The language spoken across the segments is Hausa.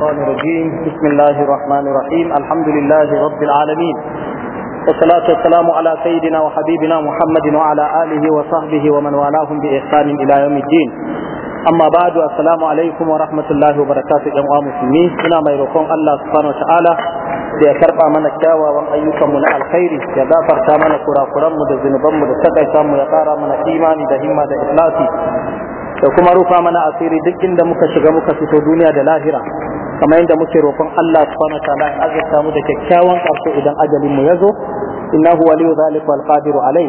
الشيطان الرجيم بسم الله الرحمن الرحيم الحمد لله رب العالمين والصلاة والسلام على سيدنا وحبيبنا محمد وعلى آله وصحبه ومن والاهم بإحسان إلى يوم الدين أما بعد السلام عليكم ورحمة الله وبركاته جمع مسلمين هنا ما يروكم الله سبحانه وتعالى ya karba mana kyawawan ayyukanmu na alkhairi ya gafarta mana kurakuranmu da zunubanmu da takaita mu ya kara mana imani da himma da ikhlasi da kuma rufa mana asiri duk inda muka shiga muka fito duniya da lahira kamar yadda muke roƙon Allah subhanahu wa ta'ala ya azurta mu da kyakkyawan ƙarshe idan ajalin mu yazo innahu waliyyu zalika wal qadiru alayh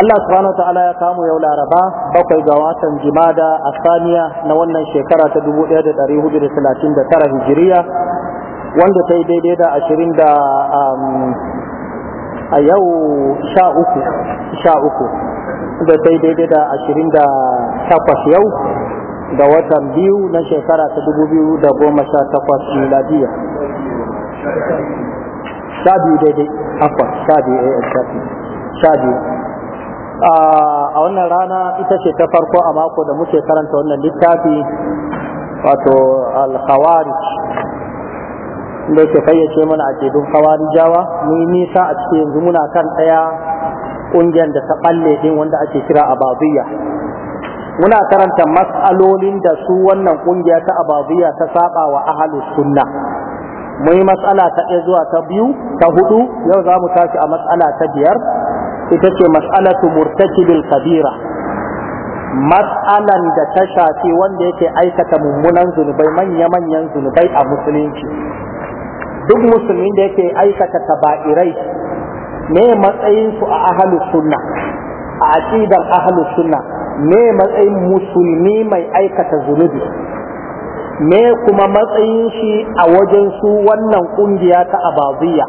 Allah subhanahu wa ta'ala ya kamu yau Laraba bakwai ga watan Jumada a saniya na wannan shekara ta 1439 Hijiriya wanda ta yi daidai da ashirin da um, a yau sha uku sha uku da ta yi daidai da ashirin da takwas yau da watan biyu na shekara ta dubu biyu da goma sha takwas miladiya sha biyu daidai akwa eh, eh, sha biyu a yankafi sha biyu a wannan rana ita ce ta farko a mako da muke karanta wannan littafi wato alkhawarij da ke fayyace mana a kedun khawarijawa mu yi nisa a cikin yanzu muna kan ɗaya ƙungiyar da ta ɓalle ɗin wanda ake kira ababiyya muna karanta mas'alolin da su wannan kungiya ta ababiya ta saba wa ahlus sunna Mun yi mas'ala ta ɗaya zuwa ta biyu ta hudu yau za mu tashi a mas'ala ta biyar ita ce mas'alatu murtakibil kabira mas'alan da ta shafi wanda yake aikata mummunan zunubai manya-manyan zunubai a musulunci duk musulmin da yake aikata taba'irai ne matsayinsu a ahlus sunna a aqidar ahlus sunna me matsayin musulmi mai aikata zunubi me kuma matsayin shi a wajen su wannan kungiya ta abaziya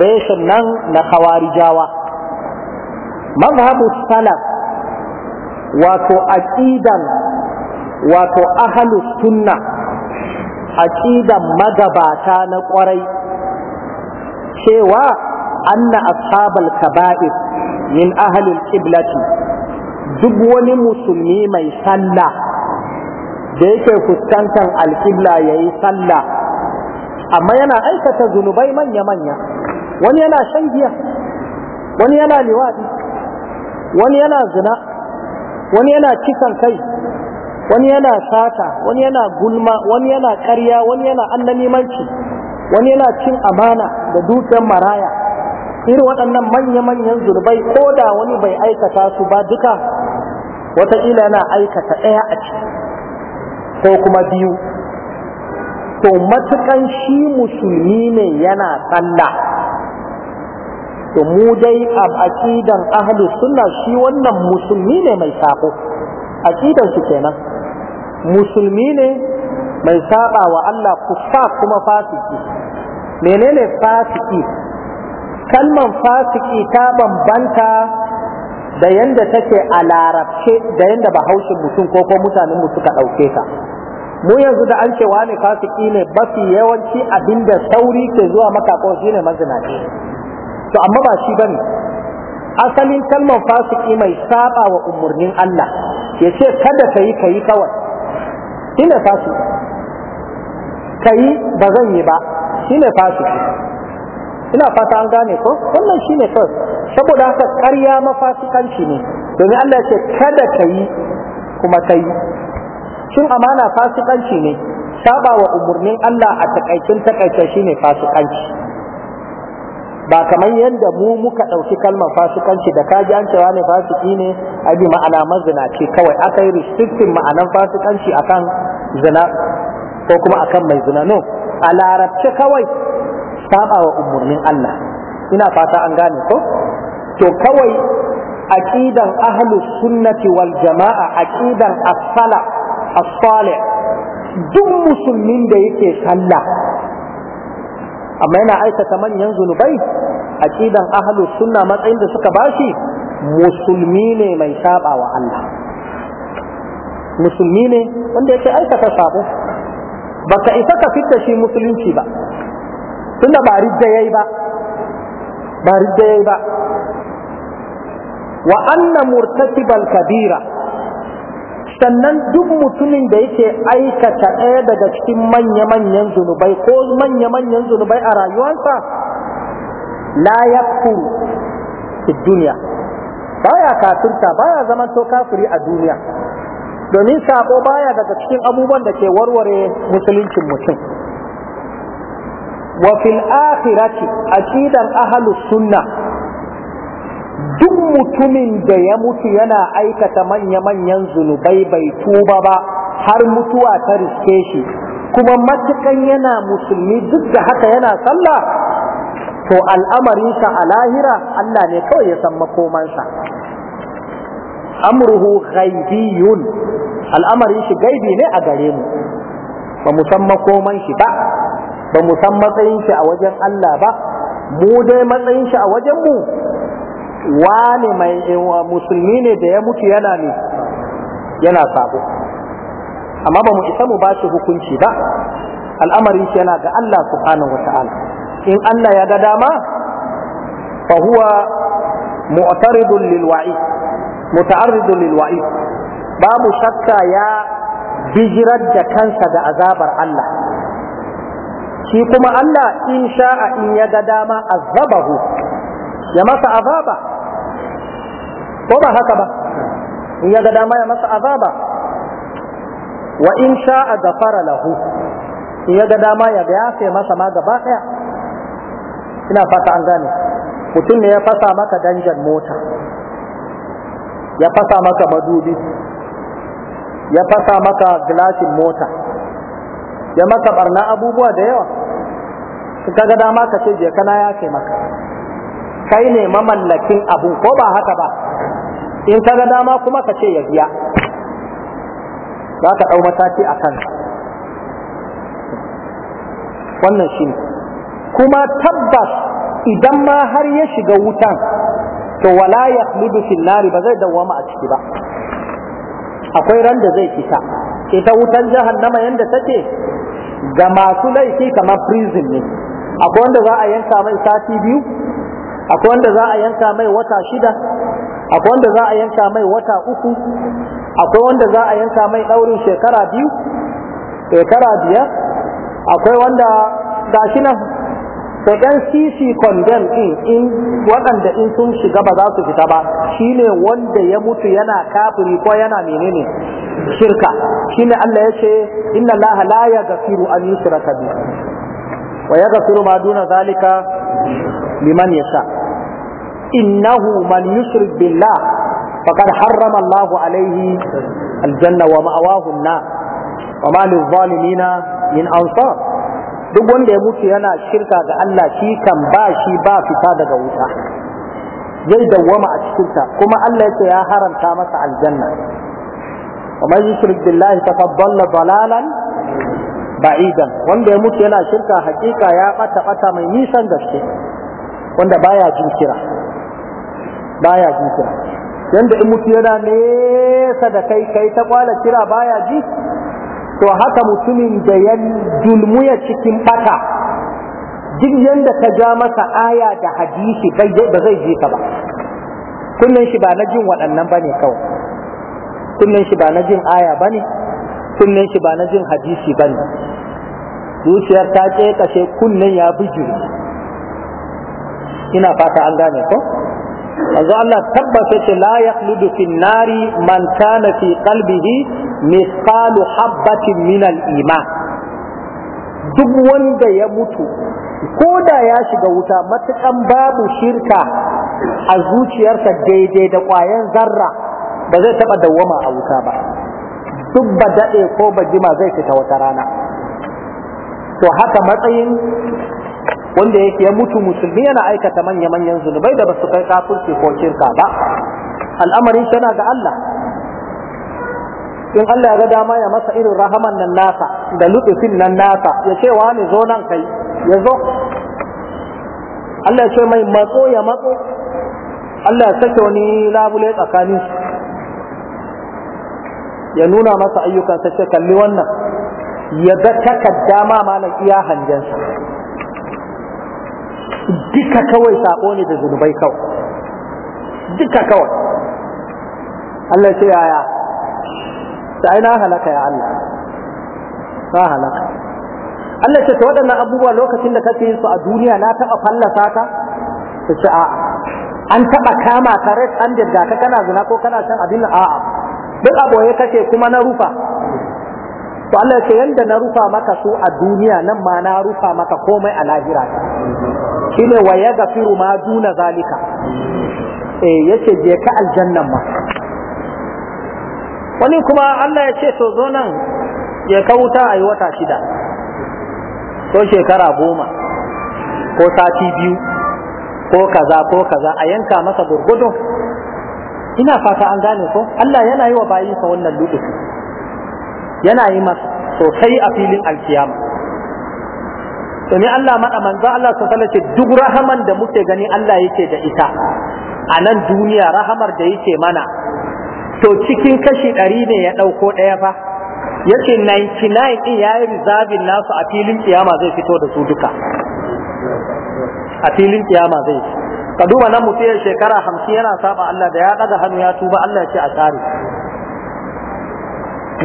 reshen nan na hawarijawa mazhabu salaf wato aqidan wato ahlu sunna aqidan magabata na kwarai cewa anna ashabal kaba'ir min ahlil qiblati duk wani musulmi mai sallah da yake fuskantar alƙibla ya yi sallah amma yana aikata zunubai manya-manya wani yana shan giya wani yana liwaɗi wani yana zina wani yana cikan kai wani yana sata wani yana gulma wani yana karya, wani yana annanimanci wani yana cin amana da dukiyar maraya irin waɗannan manya-manyan zurbai ko da wani bai aikata su ba duka wataƙila yana aikata ɗaya a ciki ko kuma biyu to matukan shi musulmi ne yana sallah to mu dai a aƙidan ahlus suna shi wannan musulmi ne mai sako aqidan su kenan musulmi ne mai saɓa wa Allah kufa kuma fasiki menene fasiki kalman fasiki ta bambanta da yanda take a larabce da yanda bahaushin mutum ko ko mutanen mu suka ɗauke ka mu yanzu da an cewa ne fasiki ne mafi yawanci abinda sauri ke zuwa maka ko shine ne to amma ba shi bane asalin kalmar fasiki mai saba wa umarnin Allah ya ce kada ka yi ka yi kawai shine fasiki ka yi ba zan yi ba shine fasiki ina fata an gane ko wannan shine kawai saboda haka ƙarya mafasikanci ne domin Allah ce kada ka yi kuma ka yi shin amana fasikanci ne saba wa umarnin Allah a takaicin takaice shine fasikanci ba kamar yadda mu muka ɗauki kalmar fasikanci da kaji an cewa ne fasiki ne a bi ma'ana ce kawai aka yi restricting ma'anan fasikanci akan zina ko kuma akan mai zina no a larabce kawai saba wa umarnin Allah ina fata an gane ko to kawai aqidan ahlus sunnati wal jama'a aqidan as-salaf as-salih duk musulmin da yake sallah amma yana aikata manyan zunubai aqidan ahlus sunna matsayin da suka bashi musulmi ne mai saba wa Allah musulmi ne wanda yake aikata sabo baka isa ka fitta shi musulunci ba tunda ba ridda yayi ba ba ridda yayi ba wa anna murtakibal kabira sannan duk mutumin da yake aikata ɗaya daga cikin manya-manyan zunubai ko manya-manyan zunubai a rayuwarsa la yakfuru fi duniya baya kafirta baya zaman to kafiri a duniya domin sabo baya daga cikin abubuwan da ke warware musuluncin mutum wa fil akhirati aqidan ahlus sunna duk mutumin da ya mutu yana aikata manya-manyan zunubai bai tuba ba har mutuwa ta riske shi kuma matukan yana musulmi duk da haka yana sallah to al'amarinsa a lahira Allah ne kawai ya san makomansa amruhu ghaibiyun al'amarin shi gaibi ne a gare mu ba mu san makoman shi ba ba mu san matsayin shi a wajen Allah ba mu dai matsayin shi a wajen mu wani mai eh, musulmi ne da ya mutu yana ne yana sabo amma ba mu isa mu ba shi hukunci ba al'amarin shi yana ga Allah subhanahu wata'ala in Allah ya ga dama fa huwa mu'taridun lil wa'id muta'arridun lil wa'id babu shakka ya bijirar da kansa da azabar Allah shi kuma Allah in sha'a in ya ga dama azabahu ya masa azaba ko ba haka ba in ya ga dama ya masa azaba wa in sha'a gafara lahu in ya ga dama ya yafe masa ma gaba daya ina fata an gane mutum ne ya fasa maka danjan mota ya fasa maka madubi ya fasa maka gilashin mota ya maka barna abubuwa da yawa kaga dama ka ce je kana ya ce maka kai ne mamallakin abu ko ba haka ba in kaga dama kuma ka ce ya biya za ka ɗau mataki a kan wannan shi kuma tabbas idan ma har ya shiga wutan to wala ya fil nari ba zai dawwama a ciki ba akwai ran da zai fita ita wutan jahannama yanda take ga masu laifi kamar prison ne akwai wanda za a yanka mai sati biyu akwai wanda za a yanka mai wata shida akwai wanda za a yanka mai wata uku akwai wanda za a yanka mai daurin shekara biyu shekara biyar akwai wanda shi nan da ɗan cc condemn in in waɗanda in sun shiga ba za su fita ba shine wanda ya mutu yana kafiri ko yana menene shirka shine Allah ya ce inna Allah la yaghfiru an yushraka bihi wa yaghfiru ma duna zalika liman yasha innahu man yushrik billah faqad harrama Allah alayhi aljanna wa ma'awahu an wa ma lil-zalimina min ansar duk wanda ya mutu yana shirka ga Allah shi kan ba shi ba fita daga wuta zai dawwama a cikinta kuma Allah yake ya haramta masa aljanna ومن يشرك بالله فقد ضل ضلالا ba'idan wanda ya mutu yana shirka hakika ya bata bata mai nisan gaske wanda baya jin kira baya jin kira yanda in mutu yana nesa da kai kai ta kwala kira baya ji to haka mutumin da ya dulmuya cikin bata duk yanda ka ja masa aya da hadisi ba zai ji ba kunnen shi ba na jin waɗannan bane kawai kunnen shi ba na jin aya ba ne kunnen shi ba na jin hadisi ba ne zuciyar ta kashe kunnen ya bijiri ina fata an gane ko manzo Allah tabbata ce la yakhludu fi nari man kana fi qalbihi mithqalu habatin min al-iman duk wanda ya mutu ko da ya shiga wuta matukan babu shirka a zuciyarsa daidai da ƙwayan zarra ba zai taɓa dawwama a wuta ba duk ba daɗe ko ba jima zai fita wata rana to haka matsayin wanda yake ya mutu musulmi yana aikata manya-manyan zunubai da basu kai kafirci ko shirka ba al'amarin shi yana ga Allah in Allah ya ga dama ya masa irin rahaman nan nasa da lutufin nan nasa ya ce wa ne zo nan kai ya zo Allah ya ce mai matso ya matso Allah ya sake wani labule tsakanin su ya nuna masa ayyukan sai kalli wannan ya ga takadda ma malam iya hanjansa duka kawai sako ne da zunubai kawai duka kawai Allah ce yaya ta aina halaka ya Allah ta halaka Allah ce ta waɗannan abubuwa lokacin da kake yin su a duniya na taɓa fallasa ka ta ce a'a an taɓa kama ka red handed ga ka kana zina ko kana shan abin a'a duk aboye kace kuma na rufa to Allah ce yanda na rufa maka su a duniya nan ma na rufa maka komai a lahira shine wa ya gafiru ma duna zalika eh yace je ka aljannan ma wani kuma Allah ya ce to zo nan ya kauta a yi wata shida ko shekara goma ko sati biyu ko kaza ko kaza a yanka masa gurgudun ina fata an gane ko Allah yana yi wa bayi sa wannan lokaci yana yi masa sosai a filin alkiyama domin Allah maɗa manzo Allah su ce duk rahaman da muke gani Allah yake da ita a nan duniya rahamar da yake mana to cikin kashi ɗari ne ya ɗauko ɗaya fa ya ce 99 ɗin ya yi rizabin nasu a filin kiyama zai fito da su duka a filin kiyama zai fito ka duba nan mutum shekara hamsin yana saba Allah da ya daga hannu ya tuba Allah ya ce a tsari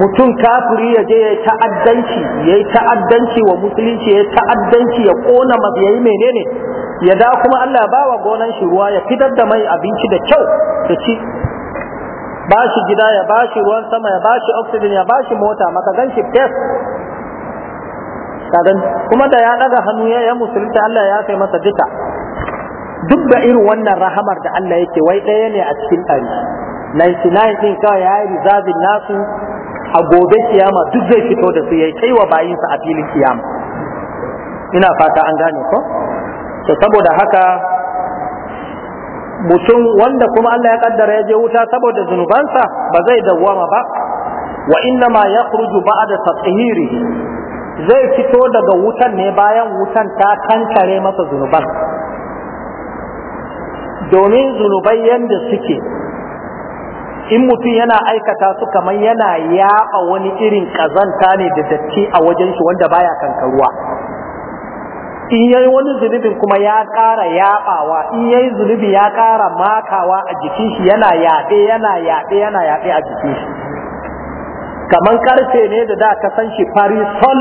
mutum kafiri ya je ya yi ta'addanci ya yi ta'addanci wa musulunci ya yi ta'addanci ya kona masu ya yi menene ya da kuma Allah ba wa gonan shi ruwa ya fitar da mai abinci da kyau da ci ba shi gida ya ba shi ruwan sama ya ba shi oxygen ya ba shi mota maka gan shi kuma da ya daga hannu ya musulunci Allah ya kai masa duka duk da irin wannan rahamar da Allah yake wai ɗaya ne a cikin ɗari 99 ɗin kawai ya yi rizabin nasu a gobe kiyama duk zai fito da su ya kai wa bayinsa a filin kiyama ina fata an gane ko to saboda haka mutum wanda kuma Allah ya kaddara ya je wuta saboda zunubansa ba zai dawwama ba wa inna ma yakhruju ba'da tathhiri zai fito daga wutan ne bayan wutan ta kankare masa zunuban domin zunubai yadda suke in mutum yana aikata su kamar yana yaɓa wani irin ƙazanta ne da datti a wajen shi wanda baya kankaruwa in yayi wani zunubin kuma ya ƙara yaɓawa in yayi zunubi ya ƙara makawa a jikin shi yana yaɓe yana yaɓe yana yaɓe a jikin shi kamar karfe ne da da ka san shi farisol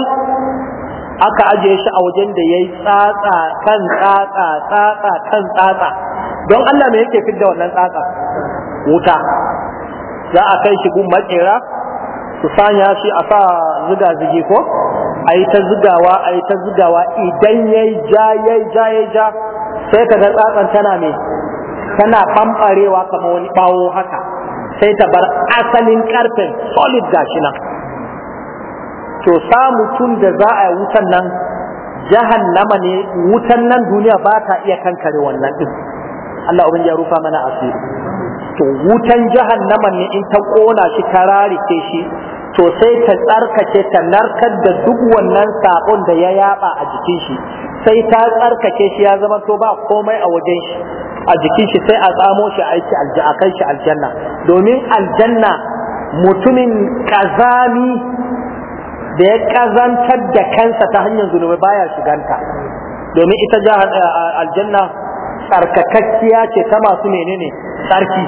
aka ajiye shi a wajen da yayi tsatsa kan tsatsa tsatsa kan tsatsa don Allah me yake fidda wannan tsatsa wuta za a kai shi gun makera su sanya shi a sa zuga zigi ko a yi ta zugawa a yi ta zugawa idan yayi ja yayi ja yayi ja sai ka ga tsatsan tana me tana fambarewa kamar wani bawo haka sai ta bar asalin karfe solid gashi nan to sa mutum da za a yi wutan nan jahannama ne wutan nan duniya ba ta iya kankare wannan din Allah ubin ya rufa mana asiri to wutan jahannama ne in ta kona shi ta rarike shi to sai ta tsarkake ta narkar da duk wannan sabon da ya yaba a jikin shi sai ta tsarkake shi ya zama to ba komai a wajen shi a jikin shi sai a tsamo shi a yi a kai shi aljanna domin aljanna mutumin kazami da ya kazantar da kansa ta hanyar zunubai baya shiganta domin ita jihar eh, aljanna tsarkakakkiya ce ta masu menene tsarki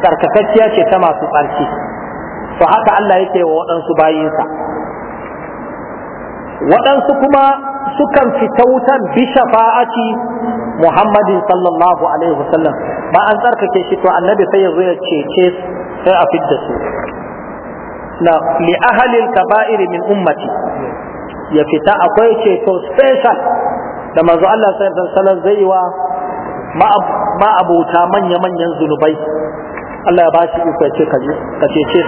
tsarkakakkiya ce ta masu tsarki to haka Allah yake wa waɗansu bayinsa waɗansu kuma sukan fita wutan bi shafa'ati Muhammadin sallallahu alaihi wasallam ba an tsarkake shi to annabi sai ya zo ya cece sai a fidda su na li ahalil kaba'ir min ummati ya fita akwai ceto special da manzo Allah sallallahu alaihi wasallam zai wa ma abuta manya manyan zunubai Allah ya bashi iko ya ce ka cece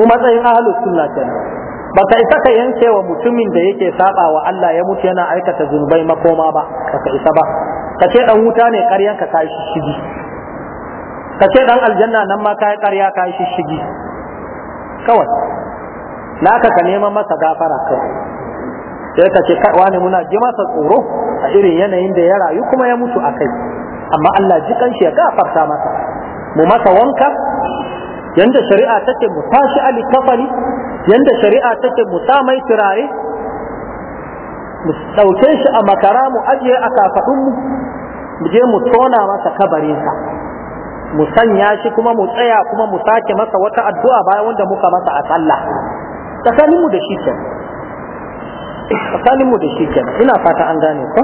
mu matsayin ahlus sunna kenan baka isa ka yanke wa mutumin da yake saba wa Allah ya mutu yana aikata zunubai makoma ba ka isa ba ka ce dan wuta ne karyan ka kai shi ka ce dan aljanna nan ma kai ƙarya kai shishigi kawai naka ka neman masa gafara kai sai ka ce wani muna ji masa tsoro a irin yanayin da ya rayu kuma ya mutu a kai amma Allah ji kanshi ya gafarta masa mu masa wanka yanda shari'a take mu tashi ali kafari yanda shari'a take mu sa mai turare mu dauke shi a makara mu ajiye a kafadun mu mu je mu tona masa kabarinsa mu sanya shi kuma mu tsaya kuma mu sake masa wata addu'a bayan wanda muka masa a sallah tsakanin mu da shi ke tsakanin mu da shi ke ina fata an gane ko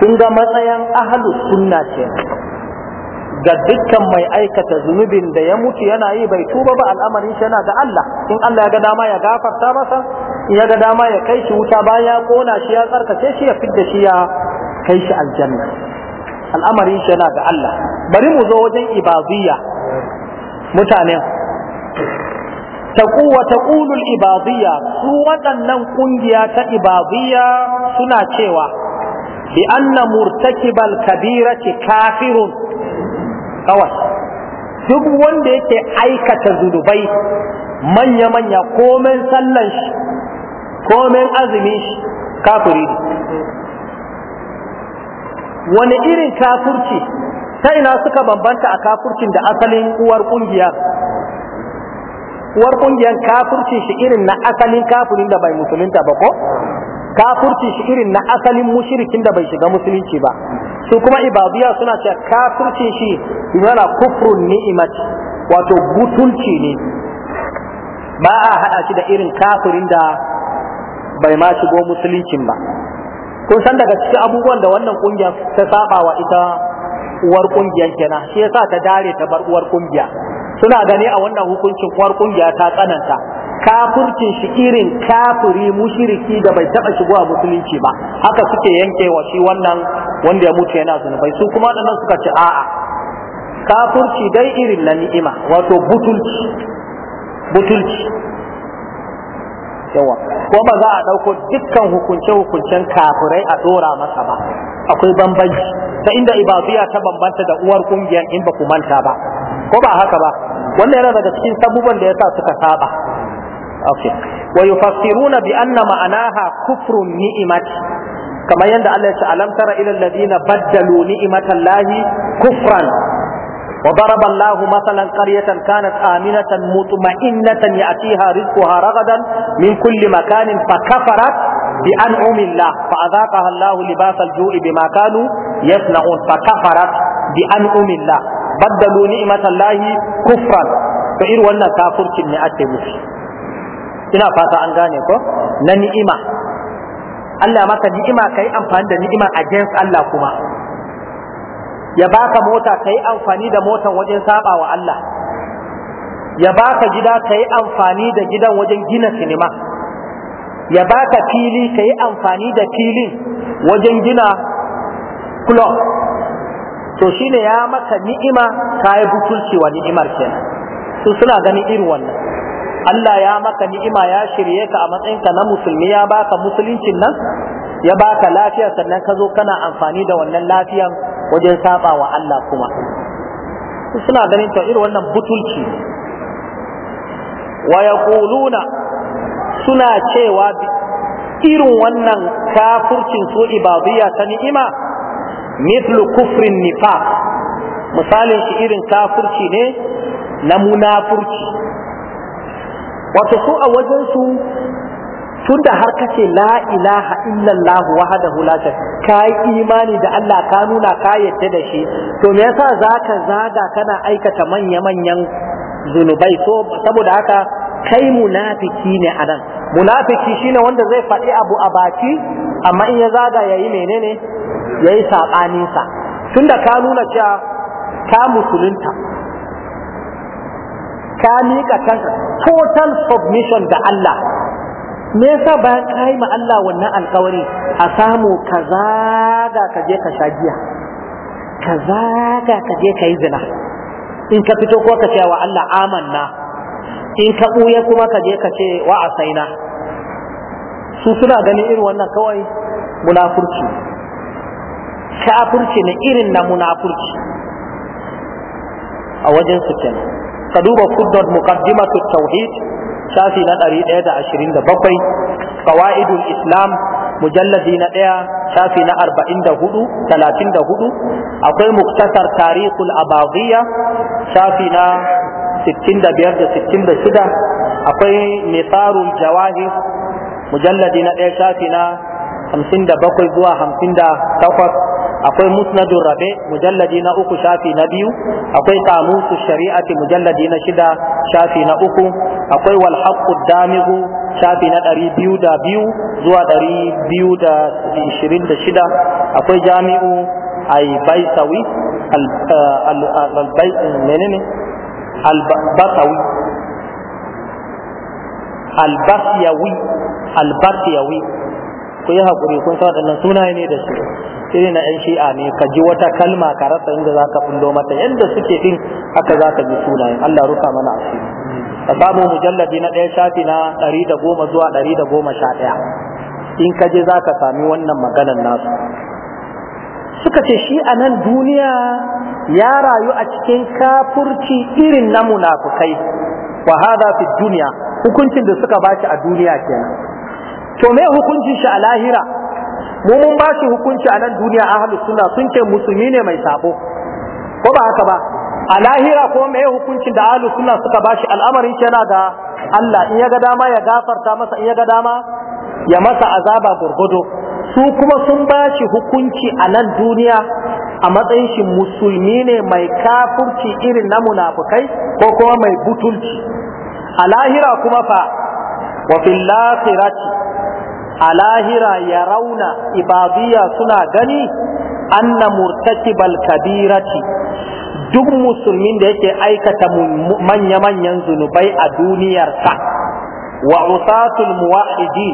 kun ga matsayin ahlus sunna ce ga dukkan mai aikata zunubin da ya mutu yana yi bai tuba ba al'amarin shi yana ga Allah in Allah ya ga dama ya gafarta masa in ya ga dama ya kai shi wuta baya ya kona shi ya tsarkace shi ya fidda shi ya kai shi aljanna al'amarin shi yana ga Allah bari mu zo wajen ibadiyya mutanen taquwa taqulul ibadiyya su waɗannan kungiya ta ibadiyya suna cewa bi anna murtakibal kabirati kafirun kawai duk wanda yake aikata zunubai manya-manya komen sallan shi komen azumin shi kafiri ne wani irin kafurci ta ina suka bambanta a kafurcin da asalin uwar kungiya uwar kungiyar kafurci shi irin na asalin kafurin da bai musulunta ba ko kafurci shi irin na asalin mushirikin da bai shiga musulunci ba su kuma ibadiya suna cewa kafurci shi yana kufrun ni'imati wato butulci ne ba a hada shi da irin kafurin da bai ma shigo musuluncin ba kun san daga cikin abubuwan da wannan kungiya ta saba wa ita uwar kungiyar kenan shi yasa ta dare ta bar uwar kungiya suna gani a wannan hukuncin uwar kungiya ta tsananta kafurcin shi irin kafuri mushiriki da bai taba a musulunci ba haka suke yankewa shi wannan wanda ya mutu yana zunubai su kuma nan suka ce a'a Kafurci dai irin na ni'ima wato butulci butulci yawa ba za a ɗauko dukkan hukunce-hukuncen kafirai a dora masa ba akwai bambanci ta inda ibadiyya ta bambanta da uwar kungiyar in ba ku manta ba ko ba haka ba wannan yana daga cikin sabubban da yasa suka saba okay wa yufassiruna bi anna ma'anaha kufrun ni'imati kamar yadda Allah ya ce alam tara ila alladhina baddalu ni'matallahi kufran وضرب الله مثلا قرية كانت آمنة مطمئنة يأتيها رزقها رغدا من كل مكان فكفرت بأنعم الله فأذاقها الله لباس الجوع بما كانوا يصنعون فكفرت بأنعم الله بدلوا نعمة الله كفرا فإن ولنا كافر كني أتبوش ina fata an gane ko na ni'ima Allah maka ni'ima kai amfani da ni'ima against Allah kuma ya baka mota ka yi amfani da motan wajen saba wa Allah ya baka gida ka yi amfani da gidan wajen gina sinima ya baka fili ka yi amfani da filin wajen gina club to shine ya maka ni'ima ka yi butulci wa ni'imar kenan su suna ganin irin wannan Allah ya maka ni'ima ya shirye ka a matsayinka na musulmi ya baka musuluncin nan ya baka lafiya sannan ka zo kana amfani da wannan lafiyan wajen saba wa Allah kuma suna ganin ta irin wannan butulci wa yaquluna suna cewa irin wannan kafircin su ibadiyya ta ni'ima mithlu kufrin nifaq misalin shi irin kafirci ne na munafurci wato su a wajen su tunda har kace la ilaha illallah wahdahu la yi imani da Allah ka nuna ka yadda da shi to me yasa zaka zaga kana aikata manya manyan zunubai so saboda haka kai munafiki ne anan munafiki shine wanda zai faɗi abu a baki amma in ya zaga yayi menene yayi sabanin sa tunda ka nuna cewa ka musulunta ka miƙa kanka total submission da Allah me yasa bayan ka yi ma Allah wannan alkawari a samu ka zaga ka je ka sha giya ka zaga ka je ka yi zina in ka fito ko ka ce wa Allah amanna in ka ɓuya kuma ka je ka ce wa asaina su suna ganin irin wannan kawai munafurci kafurci ne irin na munafurci a wajen su kenan ka duba kuddar muqaddimatu tauhid shafi na ɗaya da da ashirin bakwai qawaidul islam mujalladi na ɗaya shafi na arba'in da hudu talatin da hudu akwai muktasar tarihul abaghiya shafi na sittin da biyar da sittin da shida akwai nisarul jawahir mujalladi na ɗaya shafi na hamsin da bakwai zuwa hamsin da takwas akwai musnadun rabe mujalladi na uku shafi na biyu akwai kamusu shari'ati mujalladi na shida shafi na uku akwai walhaqqu damigu shafi na ɗari biyu da biyu zuwa ɗari biyu da ishirin da shida akwai jami'u albaisawi uh, menene albasawi albasiyawi albasiyawi ku yi haƙuri kun sa waɗannan sunaye ne da shi irin na 'yan shi'a ne ka ji wata kalma ka rasa inda za ka fundo mata yadda suke din haka za ka ji sunayen Allah rufa mana asiri ka samu mujalladi na ɗaya shafi na ɗari da goma zuwa ɗari da goma sha ɗaya in ka je za ka sami wannan maganar nasu suka ce shi a nan duniya ya rayu a cikin kafurci irin na munafukai wa hada fi duniya hukuncin da suka bashi a duniya kenan to me hukuncin shi a lahira mu mun ba shi hukunci a nan duniya ahlu sunna sun ce musulmi ne mai sabo ko ba haka ba a lahira ko me hukuncin da ahlu sunna suka ba shi al'amarin shi yana ga. Allah in ya ga dama ya gafarta masa in ya ga dama ya masa azaba gurgudu su kuma sun ba shi hukunci a nan duniya a matsayin shi musulmi ne mai kafurci irin na munafukai ko kuma mai butulci a lahira kuma fa wa fil a lahira ya rauna ibadiyya suna gani anna murtakibal kabirati duk musulmin da yake aikata manya-manyan zunubai a duniyarsa wa usatul muwahidi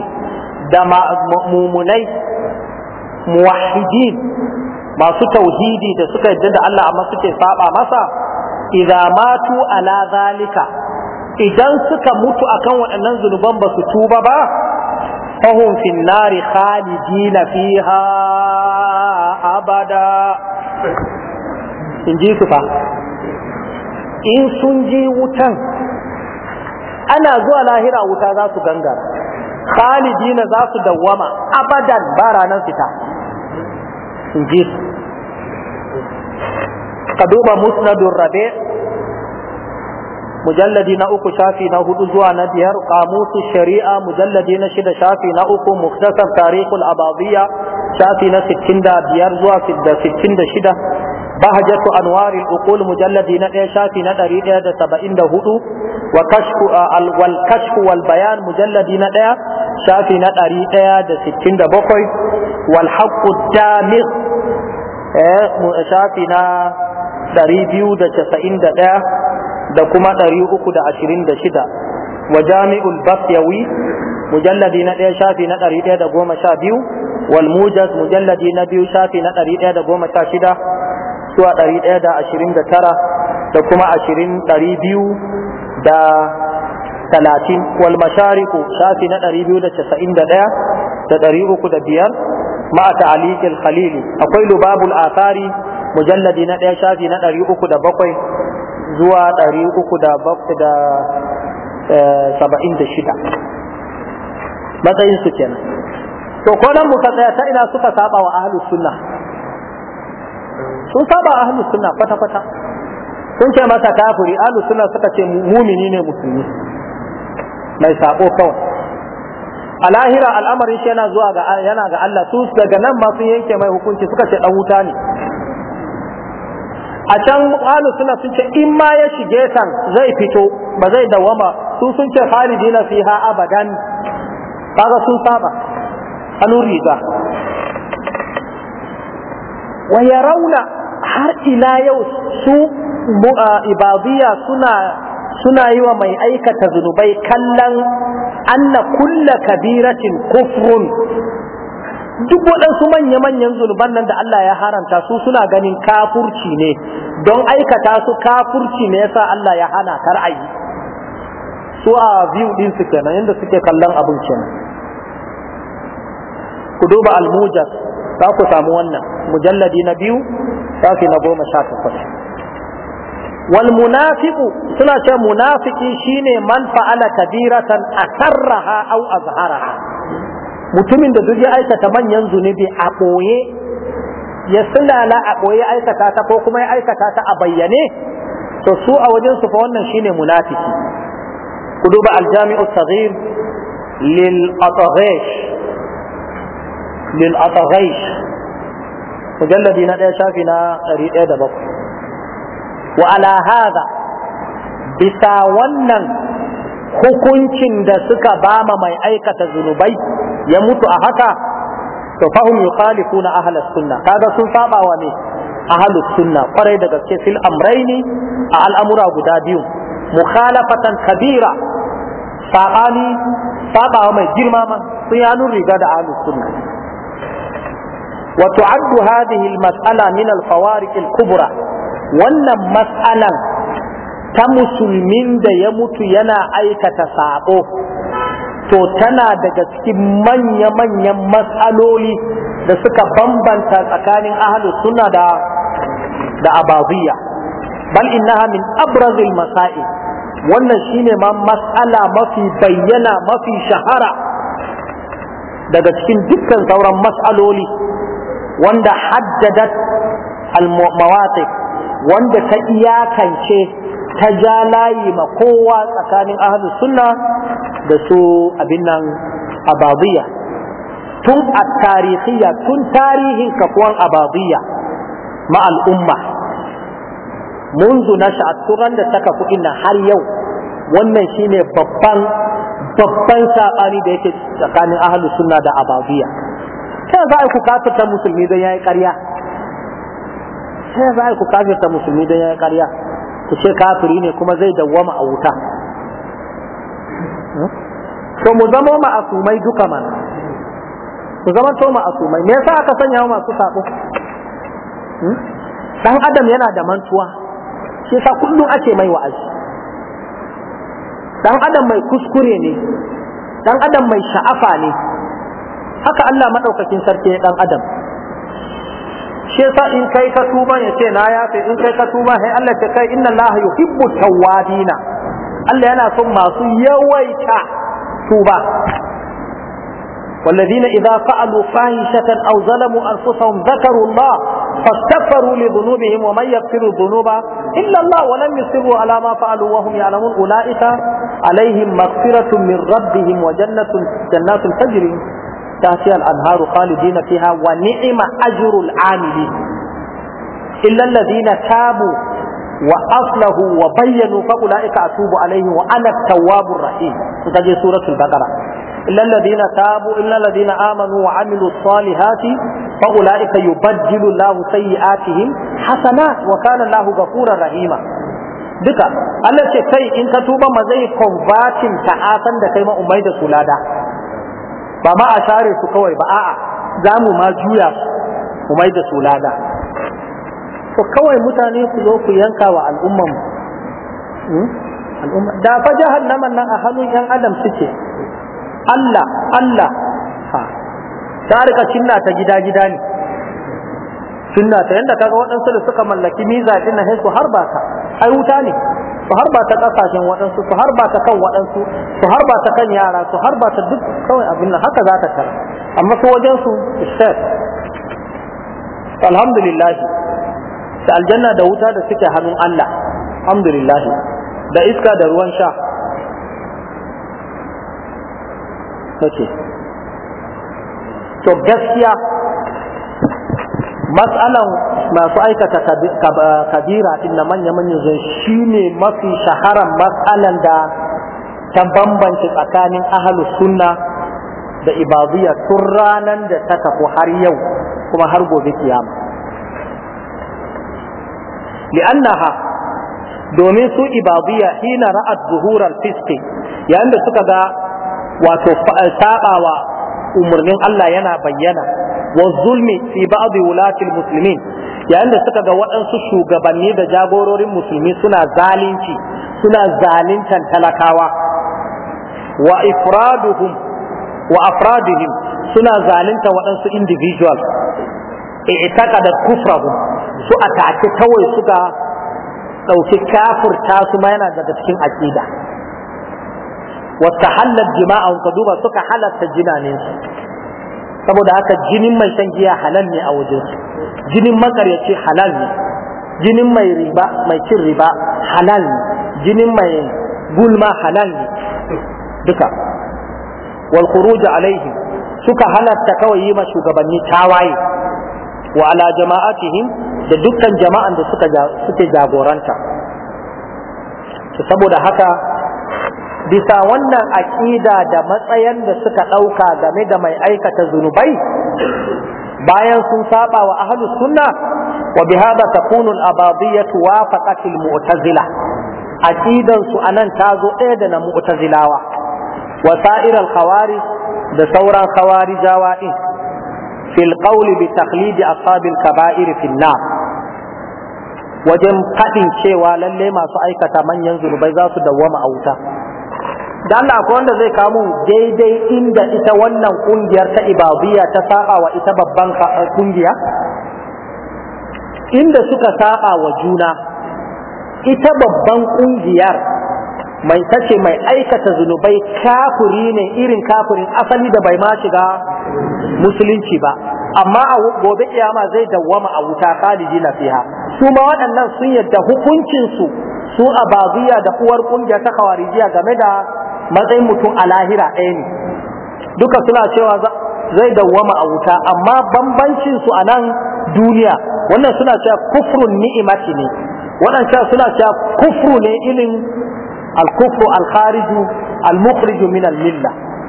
da mumunai muwahidin masu tauhidi da suka yadda da Allah amma suke saba masa idza matu ala zalika idan suka mutu akan waɗannan zunuban ba su tuba ba fahum fin nari khalidina fiha abada in ji su fa in sun ji wutan ana zuwa lahira wuta za su gangara khalidina za su dawwama abadan ba ranar fita in ji su ka duba musnadun rabe' mujalladi na uku shafi na hudu zuwa na biyar kamusu shari'a mujalladi na shida shafi na uku muktasar tarihul abadiyya shafi na sittin da biyar zuwa sittin da shida bahjatu anwaril uqul mujalladi na ɗaya shafi na ɗari ɗaya da saba'in da hudu wa kashfu wal kashfu wal bayan mujalladi na ɗaya shafi na ɗari ɗaya da sittin da bakwai wal haqqu damir eh, shafi na ɗari biyu da casa'in da ɗaya da kuma 326 wa jami'ul basyawi mujalladi na ɗaya shafi na 112 wal mujaz mujalladi na biyu shafi na 116 zuwa 129 da kuma 200 da 30 wal mashariku shafi na 291 da 305 ma'a ta'aliqil khalili akwai lubabul athari mujalladi na ɗaya shafi na ɗari uku da bakwai zuwa ɗari uku da bakwai da eh, saba'in da shida matsayin su kenan to ko nan muka tsaya ta ina suka saba wa ahalus sunna sun saba wa ahalus sunna kwata kwata sun ce masa kafuri ahalus sunna suka ce mumini ne musulmi mai sabo kawai a lahira al'amarin shi yana zuwa ga yana ga Allah su daga nan ma sun yanke mai hukunci suka ce dan wuta ne a can ahlus suna sun ce in ma ya shige kan zai fito ba zai dawama su sun ce khalidina fiha abadan kaga sun saba hannun riga wa yarawna har ila yau su ibadiyya suna suna yi wa mai aikata zunubai kallon anna kulla kabiratin kufrun duk waɗansu manya-manyan zunuban nan da Allah ya haramta su suna ganin kafurci ne don aikata su kafurci ne yasa Allah ya hana kar ayi su a view din su kenan inda suke kallon abin kenan ku duba almujas za ku samu wannan mujalladi na biyu safi na goma sha takwas wal munafiqu suna ce munafiki shine man fa'ala kabiratan asarraha aw azharaha mutumin da duk ya aikata manyan zunubi a ɓoye ya sulala a ɓoye aikata ta ko kuma ya aikata ta a bayyane to su a wajen su fa wannan shine munafiki ku duba aljami'u saghir lil ataghish lil ataghish mujalladi na ɗaya shafi na ɗari ɗaya da wa ala hada bisa wannan hukuncin da suka bama mai aikata zunubai ya mutu a haka to fahum yukhalifuna ahlus sunna kaga sun saba wa ne ahlus sunna kwarai da gaske fil amraini a al'amura guda biyu mukhalafatan kabira sabani saba mai girma ma sun ya riga da ahlus sunna wa tu'addu hadhihi al mas'ala min al fawariq al kubra wannan mas'alan ta musulmin da ya mutu yana aikata sabo to tana daga cikin manya-manyan matsaloli da suka bambanta tsakanin ahalu suna da da abaziya bal innaha min abrazil masa'i wannan shine ma mas'ala mafi bayyana mafi shahara daga cikin dukkan sauran mas'aloli wanda haddadat al wanda ta iyakance ta ja layi ma kowa tsakanin ahlus sunna da su abin nan abadiyya tun a tarihiyya tun tarihin kafuwan abadiyya ma al'umma منذ نشأت تغن da ta kafu ina har yau wannan shine babban babban sabani da yake tsakanin ahlus sunna da abadiyya ta za a yi musulmi don ta musulmi don ya yi karya. ku ce kafiri ne kuma zai dawwama a wuta to hmm? mu zama ma'asumai duka mana mu zama to ma'asumai me yasa aka sanya wa masu sako hmm? dan adam yana da mantuwa shi yasa kullum ake mai wa'azi dan adam mai kuskure ne dan adam mai sha'afa ne haka Allah madaukakin sarki ne dan adam shi yasa in kai ka tuba ya ce na yafe in kai ka tuba sai Allah ta kai inna Allah yuhibbu tawwabina Allah yana son masu yawaita tuba والذين إذا فعلوا فاحشة أو ظلموا أنفسهم ذكروا الله فاستغفروا لذنوبهم ومن يغفر الذنوب إلا الله ولم يصروا على ما فعلوا وهم يعلمون أولئك عليهم مغفرة من ربهم وجنة جنات تجري تأتي الأنهار خالدين فيها ونعم أجر العاملين إلا الذين تابوا وأصلحوا وبينوا فأولئك أتوب عليهم وأنا التواب الرحيم تجي سورة البقرة إلا الذين تابوا إلا الذين آمنوا وعملوا الصالحات فأولئك يبدل الله سيئاتهم حسنات وكان الله غفورا رحيما duka Allah ce kai in ka tuba ma zai convertin ta'atan da kai ma umai da sulada ba ma a share su kawai ba a'a za mu ma juya mu mai da su lada to kawai mutane ku zo ku yanka wa al'umman hmm? al'umma da fa jahannaman nan a hannun yan adam suke Allah Allah ha ta rika cinna ta gida gida ne cinna ta yanda kaga waɗansu da suka mallaki miza din nan sai su harba ka ai wuta ne su harba ta kasashen waɗansu su harba ta kan waɗansu su harba ta kan yara su harba ta duk kawai abin nan haka za ta tara amma su wajen su step alhamdulillah da aljanna da wuta da suke hannun Allah alhamdulillah da iska da ruwan sha kace to gaskiya matsalan masu aikata kabira na manya manya zai shi ne mafi shaharan matsalan da ta bambanci tsakanin ahalu sunna da ibadiyya tun ranar da ta tafi har yau kuma har gobe kiyama li'annaha domin su ibadiyya hina ra'ad zuhurar fiske yayin da suka ga wato sabawa umarnin Allah yana bayyana wa zulmi fi ba'd wulatil yayin da suka ga waɗansu shugabanni da jagororin musulmi suna zalunci suna zaluntan talakawa wa ifraduhum suna zalunta waɗansu individual i'taqada kufrahum su atake kawai suka ɗauki kafurta su yana daga cikin aƙida wata hallar jima'an ka duba suka halarta jina jinaninsu saboda haka jinin mai san giya halal ne a wajen jinin makaryaci halal ne jinin mai riba mai cin riba halal ne jinin mai gulma halal ne duka wal khuruj alaihim suka halatta kawai yi ma shugabanni tawaye wa ala jama'atihim da dukkan jama'an da suka suke jagoranta saboda haka bisa wannan aƙida da matsayin da suka ɗauka game da mai aikata zunubai bayan sun saba wa ahlus sunna wa bihada takunu al-abadiyyatu wafaqat al-mu'tazila aqidan su anan tazo ɗaya da na mu'tazilawa wa sa'ir al-khawarij da sauran khawarijawa din fil qawli bi taklidi ashabil kaba'ir fil nar wajen fadin cewa lalle masu aikata manyan zunubai za su dawwama a wuta da Allah akwai wanda zai kamu daidai inda ita wannan kungiyar ta ibadiyya ta saba wa ita babban eh, kungiya inda suka saba wa juna ita babban kungiyar mai tace mai aikata zunubai kafuri ne irin kafurin asali da bai ma shiga musulunci ba amma a gobe kiyama zai dawwama a wuta khalidi na fiha su ma waɗannan sun yadda hukuncinsu su a babiya da uwar kungiya ta kawarijiya game da matsayin mutum a lahira ɗaya ne duka suna cewa zai dawwama a wuta amma bambancin su a nan duniya wannan suna cewa kufrun ni'imati ne waɗancan suna cewa kufru ne ilin al alkhariju al al min al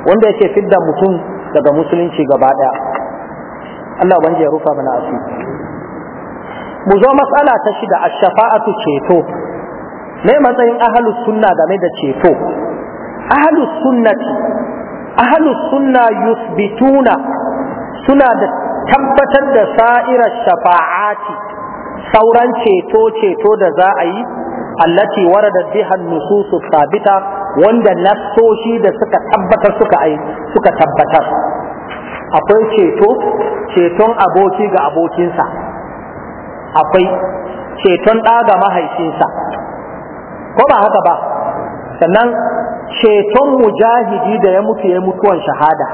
wanda yake fidda mutum daga musulunci gaba ɗaya Allah ubangiji ya rufa mana asiri mu zo matsala ta shida ash-shafa'atu ceto ne matsayin ahlus sunna game da ceto ahlus sunnati sunna yusbituna suna da tabbatar da sa'irar shafa'ati sauran ceto ceto da za a yi allati warada biha nusus sabita wanda nassoshi da suka tabbatar suka ai suka tabbatar akwai ceto ceton aboki ga abokinsa akwai ceton ɗa ga mahaifinsa ko ba haka ba sannan ceton mujahidi da ya mutu ya mutuwan shahada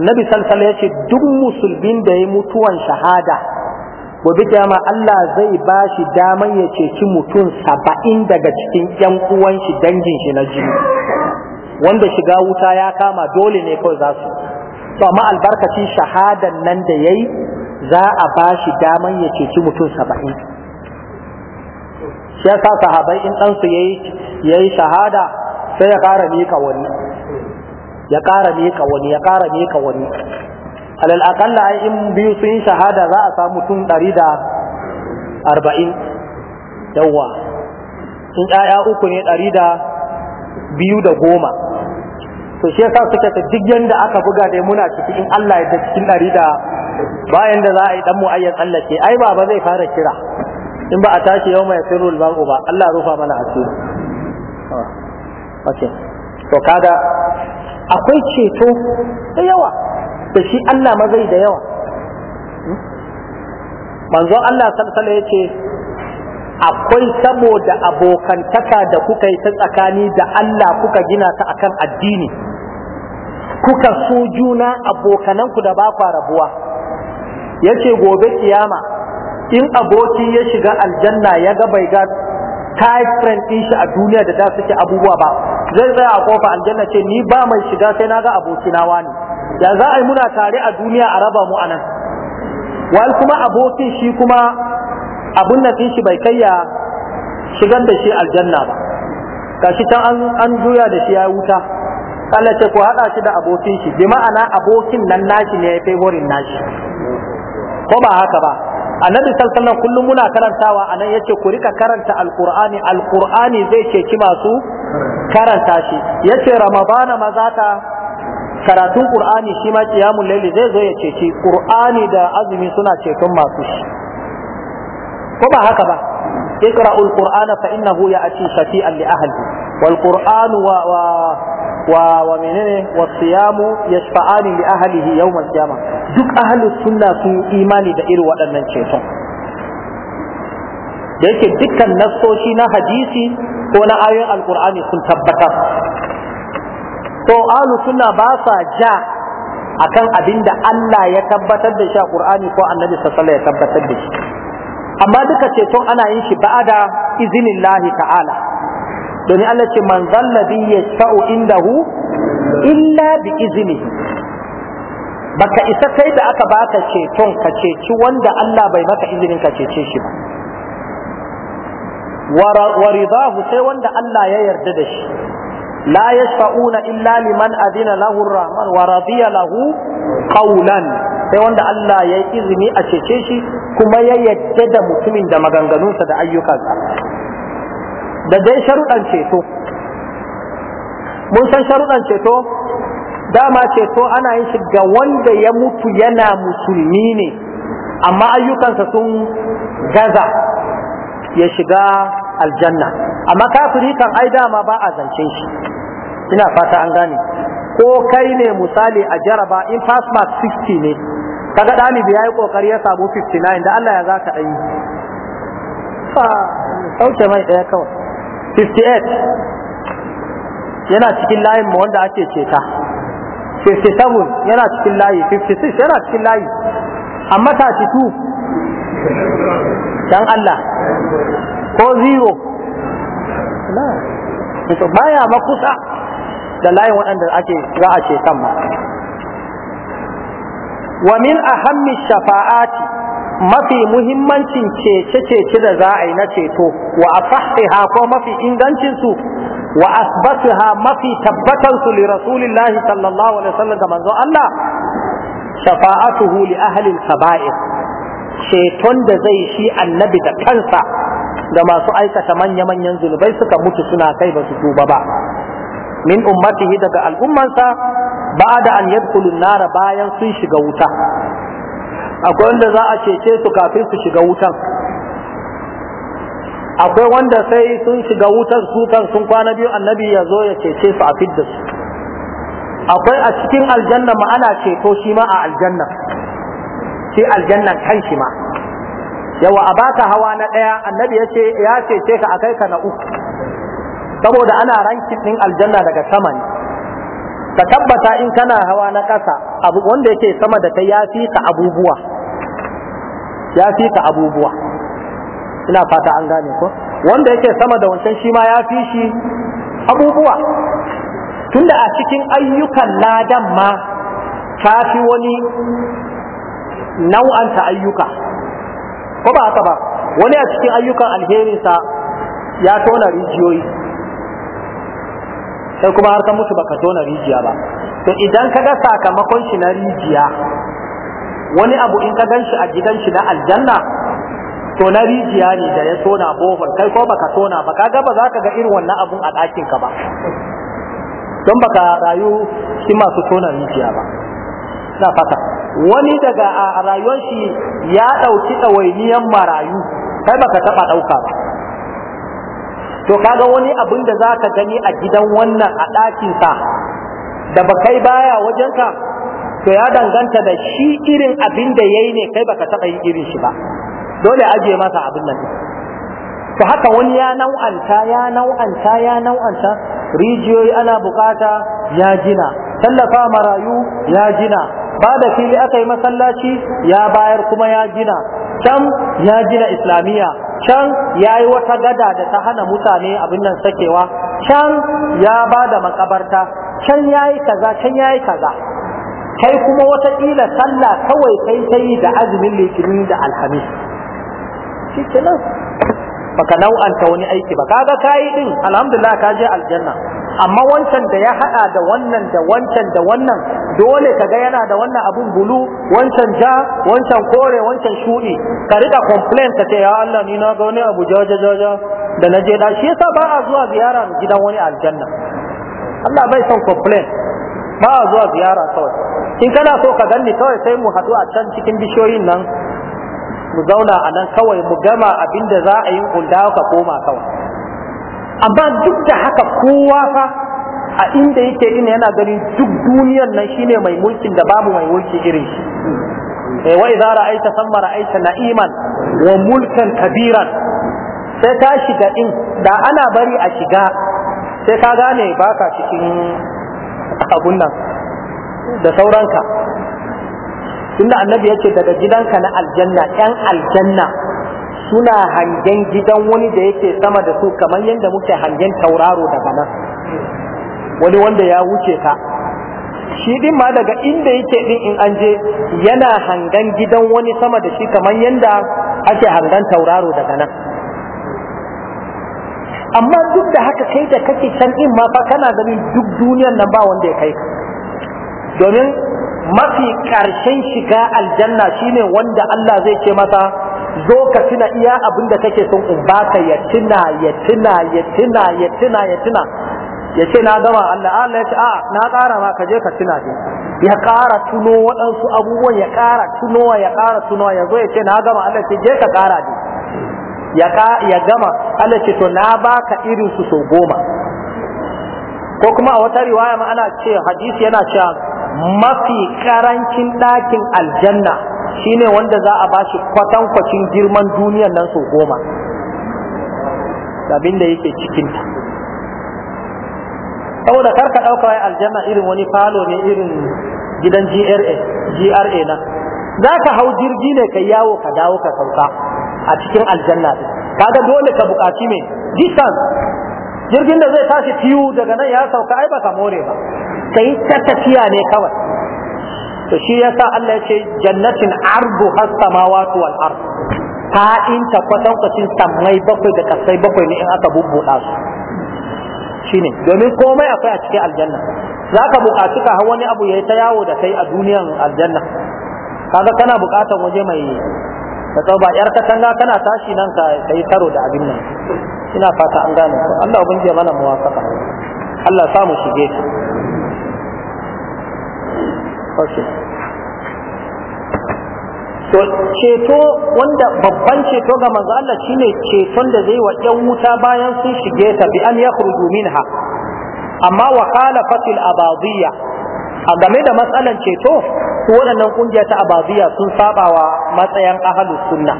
annabi salsala ya ce duk musulmin da ya mutuwan shahada gobe kiyama Allah zai ba shi daman ya ceci mutum saba'in daga cikin yan uwan shi dangin shi na jini wanda shiga wuta ya kama dole ne kawai za su to amma albarkaci shahadan nan da yayi za a ba shi daman ya ceci mutum saba'in shi sahabai in ɗansu ya yi ya yi shahada sai ya ƙara miƙa wani ya ƙara miƙa wani ya ƙara miƙa wani alal aƙalla ai in biyu sun yi shahada za a samu tun ɗari da arba'in yawa in ƴaƴa uku ne ɗari da biyu da goma to shi yasa suka ta duk yanda aka buga dai muna ciki in Allah ya da cikin ɗari da bayan da za a yi ɗan mu'ayyan ce ai ba ba zai fara kira in ba a tashi yau mai firul ba Allah rufa mana asiri Ah. okay to kaga akwai ceto da yawa da shi Allah mazai da yawa hmm? manzon Allah sallallahu ya ce akwai saboda abokantaka da kuka yi ta tsakani da Allah kuka gina ta akan addini kuka so juna abokananku da ba kwa rabuwa yace gobe kiyama in aboki ya shiga aljanna ya ga bai ga kayan ɗin shi a duniya da da suke abubuwa ba zai tsaya a kofa aljanna ce ni ba mai shiga sai na ga na wani ya za a yi muna tare a duniya a raba mu anan wal kuma abokin shi kuma abun nan shi bai kai ya shigar da shi aljanna ba kashi can an an juya da shi ya wuta Allah ce ko haɗa shi da abokin shi bi ma'ana abokin nan nashi ne ya kai wurin nashi ko ba haka ba annabi sallallahu kullum muna karantawa anan yace ku rika karanta alqur'ani alqur'ani zai ceci masu karanta shi yace ramadana ma ta karatun qur'ani shi ma qiyamul layli zai zo ya ceci qur'ani da azumi suna ceton masu shi ko ba haka ba iqra'ul qur'ana fa innahu ya'ti shafi'an li ahlihi wal qur'an wa wa wa menene wa siyamu yashfa'ani li ahlihi yawm al qiyamah duk ahlus sunna sun imani da irin waɗannan ceton da yake dukkan nassoshi na hadisi ko na ayoyin alkur'ani sun tabbatar to ahlus sunna ba sa ja akan abin da Allah ya tabbatar da shi a Qur'ani ko Annabi sallallahu ya tabbatar da shi amma duka ceton ana yin shi ba'a da lahi ta'ala domin Allah ce man zallabi ya inda hu illa bi izini baka isa kai da aka baka ceton ka ceci wanda Allah bai maka izinin ka cece shi ba wa ridahu sai wanda Allah ya yarda da shi la yashfa'una illa liman adina lahu ar wa radiya lahu qawlan sai wanda Allah ya yi izini a cece shi kuma ya yarda da mutumin da maganganunsa da ayyukansa da dai sharuɗan ceto mun san sharuɗan ceto dama ceto ana yin shi ga wanda ya mutu yana musulmi ne amma ayyukansa sun gaza ya shiga aljanna amma kafiri kan ai dama ba a zancen shi ina fata an gane ko kai ne misali a jaraba in pass mark 60 ne kaga ɗalibi ya yi ƙoƙari ya samu 59 da Allah ya za ka ɗanyi sauke mai ɗaya kawai 58 yana cikin layin mu wanda ake ceta 57 yana cikin layi 56 yana cikin layi amma 32 dan Allah ko zero baya makusa da layin waɗanda ake za a kan ba wa min ahammi shafa'ati mafi muhimmancin cece-cece da za a yi na ceto wa asahiha ko mafi ingancinsu wa asbatuha mafi tabbatansu li rasulillahi sallallahu alaihi wasallam da manzo Allah shafa'atuhu li ahli al-kaba'ir ceton da zai shi annabi da kansa da masu aikata manya-manyan zunubai suka mutu suna kai ba su tuba ba min ummatihi daga al'ummansa ba an yadkhulu Nara bayan sun shiga wuta akwai wanda za a cece su kafin su shiga wutan akwai wanda sai sun shiga wutan, su kan sun kwana biyu annabi ya zo ya cece su a fidda su akwai a cikin aljanna ma ana ceto shi ma a aljanna shi aljanna kan shi ma yawa a baka hawa na ɗaya annabi ya ce ya cece ka akai ka na uku saboda ana rankin ɗin aljanna daga sama ne ka tabbata in kana hawa na ƙasa abu wanda yake sama da kai ya fi ka abubuwa ya fi ka abubuwa ina fata an gane ko wanda yake sama da wancan shi ma ya fi shi abubuwa tunda a cikin ayyukan ladan ma ka fi wani nau'anta ayyuka ko ba haka ba wani a cikin ayyukan alherinsa ya tona rijiyoyi sai kuma har ka mutu baka tona rijiya ba to idan ka ga sakamakon shi na rijiya wani abu in ka gan a gidan shi na aljanna to na rijiya ne da ya tona bohol kai ko baka tona ba kaga ba za ka ga irin wannan abun a ɗakin ka ba don baka rayu shi masu tona rijiya ba na fata wani daga a rayuwar shi ya ɗauki ɗawainiyar marayu kai baka taɓa ɗauka ba to kaga wani abin da zaka gani a gidan wannan a ɗakinsa da ba kai baya wajenka to ya danganta da shi irin abin da ya yi ne kai baka taɓa yi irin shi ba dole ajiye masa abin nan to haka wani ya nau'anta ya nau'anta ya nau'anta rijiyoyi ana bukata ya jina tallafa marayu ya jina ba da fili aka yi masallaci ya bayar kuma ya jina can ya gina islamiyya can ya yi wata gada da ta hana mutane abin nan sakewa can ya ba da makabarta can ya yi kaza can ya yi kaza kai kuma wataƙila sallah kawai kai ta yi da azumin litinin da alhamis shi kenan baka nau'anta wani aiki ba kaga kayi din alhamdulillah ka je aljanna amma wancan da ya hada da wannan da wancan da wannan dole kaga yana da wannan abun bulu wancan ja wancan kore wancan shudi ka rika complain ka ce ya Allah ni na ga wani abu jaja jaja da naje da shi yasa ba a zuwa ziyara gidan wani aljanna Allah bai son complain ba a zuwa ziyara kawai in kana so ka ganni kawai sai mu hadu a can cikin bishiyoyin nan mu zauna a nan kawai mu gama abinda za a yi kulda ka koma kawai amma duk da haka kowa fa a inda yake ina yana gani duk duniyar nan shine mai mulkin da babu mai mulki irin shi eh wa idza ra'aita thamma ra'aita na'iman wa mulkan kabiran sai ka shiga in da ana bari a shiga sai ka gane baka cikin abun nan da sauranka tunda annabi yace daga gidanka na aljanna yan aljanna suna hangen gidan wani da yake sama da su kamar yadda muke hangen tauraro daga nan wani wanda ya wuce ka shi din ma daga inda yake din in an je yana hangen gidan wani sama da shi kamar yadda ake hangen tauraro daga nan amma duk da haka kai da kake can din ma fa kana ganin duk duniyar nan ba wanda ya kai domin mafi karshen shiga aljanna shine wanda Allah zai ce masa zo ka tuna iya abin da kake son in baka ya tuna ya tuna ya tuna ya tuna ya tuna ya ce na gama Allah Allah ya ce a na ƙara ma ka je ka tuna dai ya ƙara tuno waɗansu abubuwan ya ƙara tunowa ya ƙara tuno ya zo ya ce na gama Allah ya ce je ka ƙara dai ya gama Allah ya ce to na baka irin su sau goma ko kuma a wata riwaya ma ana ce hadisi yana cewa mafi karancin ɗakin aljanna shine wanda za a bashi kwatankwacin girman duniyan nan su goma abin da yake cikinta saboda karka ɗauka wai aljanna irin wani falo ne irin gidan GRA na za ka hau jirgi ne ka yawo ka dawo ka sauka a cikin aljanna ɗin kaga dole ka buƙaci me distance jirgin da zai tashi tiyu daga nan ya sauka ai ba ka more ba kai ta tafiya ne kawai to shi yasa Allah ya ce jannatin ardu has samawati wal ard ta inta kwatankwacin samai bakwai da kasai bakwai ne in aka bubbuɗa su shine domin komai akwai a cikin aljanna za ka buƙaci ka wani abu ya yi ta yawo da kai a duniyan aljanna kaga kana buƙatar waje mai da tsawo ba yar katanga kana tashi nan ka yi karo da abin nan ina fata an gane Allah ubangiji mana muwafaka Allah samu shige to ceto wanda babban ceto ga manzo Allah shine ceton da zai wa 'yan wuta bayan sun shige ta bi an yakhruju minha amma wa khalafatil abadiyya a game da matsalan ceto su waɗannan kungiya ta abadiyya sun saba wa matsayin ahlus sunna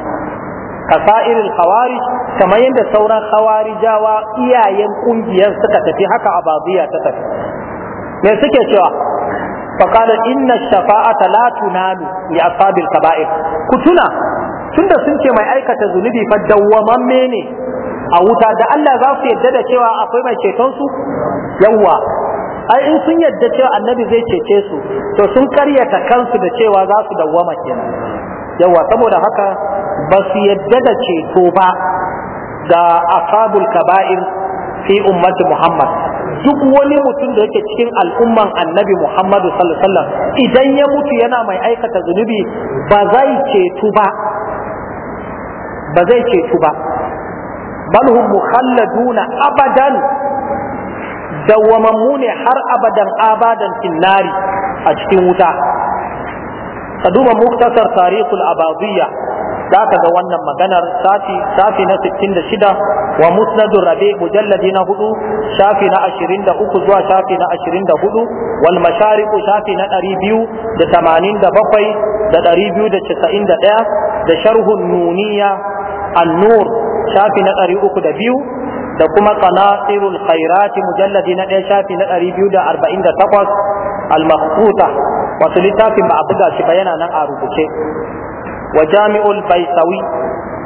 kasairil khawarij kamar yadda sauran khawarijawa iyayen kungiyar suka tafi haka abadiyya ta tafi me suke cewa فقال إن الشفاعة لا تنال لأصحاب الكبائر كتنا tunda sun ce mai aikata zunubi fa dawwamamme ne a wuta da Allah za su yadda da cewa akwai mai ceton su yawa ai in sun yadda cewa annabi zai cece su to sun karyata kansu da cewa za su dawwama kenan yawa saboda haka ba su yadda da ceto ba ga ashabul kaba'ir fi ummati Muhammad duk wani mutum da yake cikin al'umman annabi Muhammadu sallallahu alaihi wasallam idan ya mutu yana mai aikata zunubi ba zai cetu ba ba zai cetu ba bal hum mukhalladuna abadan dawwamammu ne har abadan abadan finnari a cikin wuta ka duba muktasar tarihul abadiyya za ka ga wannan maganar safi safi na 66 wa musnadun rabe mujalladi na hudu shafi na 23 zuwa shafi na 24 wal mashariku shafi na 287 da 291 da sharhun nuniya annur shafi na 302 da kuma qanatirul khairati mujalladi na ɗaya shafi na ɗari biyu da arba'in da takwas al-maqsuta wato littafin ba a buga shi ba yana nan a rubuce وجامع البيسوي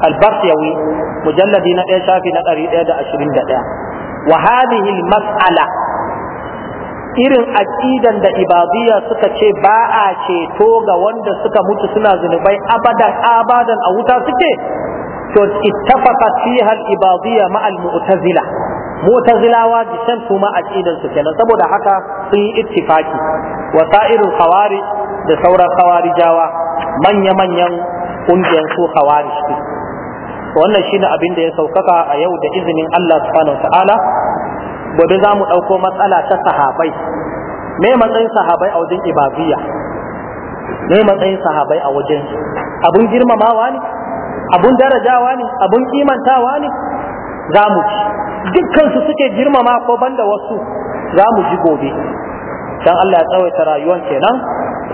البرسيوي مجلدين na شافي نقري ايه دا اشرين دا وهذه المسألة irin aqidan da ibadiyya suka ce ba a ceto ga wanda suka mutu suna zunubai abadan abadan a wuta suke to ittafaqat fiha al-ibadiyya ma al-mu'tazila mu'tazilawa jisan su ma aqidan su kenan saboda haka sun yi ittifaki wa sa'irul khawarij da sauran khawarijawa manya-manyan ƙungiyar su hawari shi wannan ne abin da ya saukaka a yau da izinin Allah subhanahu ta'ala gobe za mu ɗauko matsala ta sahabai me matsayin sahabai a wajen ibadiyya me matsayin sahabai a wajen abun girmamawa ne abun darajawa ne abun kimantawa ne za mu ji dukkansu suke girmama ko banda wasu za mu ji gobe dan Allah ya tsawaita rayuwar kenan